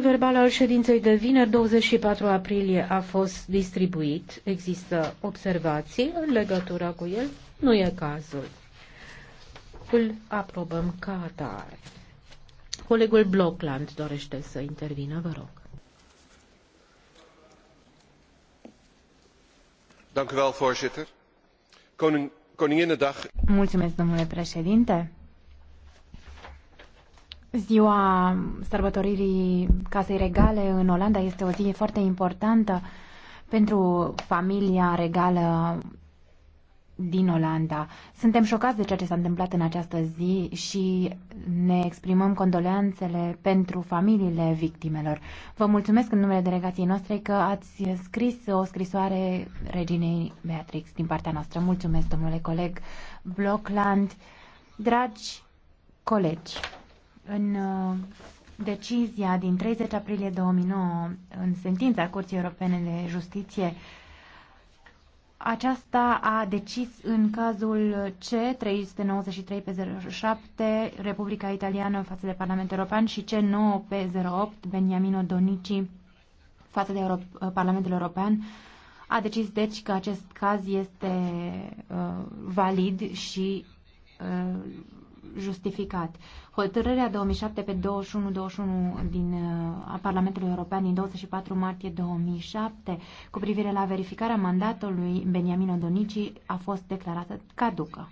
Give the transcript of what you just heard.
verbal al ședinței de vineri, 24 aprilie, a fost distribuit. Există observații în legătură cu el? Nu e cazul. Îl aprobăm ca atare. Colegul Blockland dorește să intervină, vă rog. Mulțumesc, domnule președinte. Ziua sărbătoririi Casei Regale în Olanda este o zi foarte importantă pentru familia regală din Olanda. Suntem șocați de ceea ce s-a întâmplat în această zi și ne exprimăm condoleanțele pentru familiile victimelor. Vă mulțumesc în numele delegației noastre că ați scris o scrisoare reginei Beatrix din partea noastră. Mulțumesc, domnule coleg Blockland. Dragi colegi, în uh, decizia din 30 aprilie 2009, în sentința Curții Europene de Justiție, aceasta a decis în cazul C 393 pe 07 Republica Italiană față de Parlamentul European și C 9 pe 08 Beniamino Donici față de Euro uh, Parlamentul European a decis deci că acest caz este uh, valid și uh, justificat. Hotărârea 2007 pe 21-21 din uh, a Parlamentului European din 24 martie 2007 cu privire la verificarea mandatului Beniamino Donici a fost declarată caducă.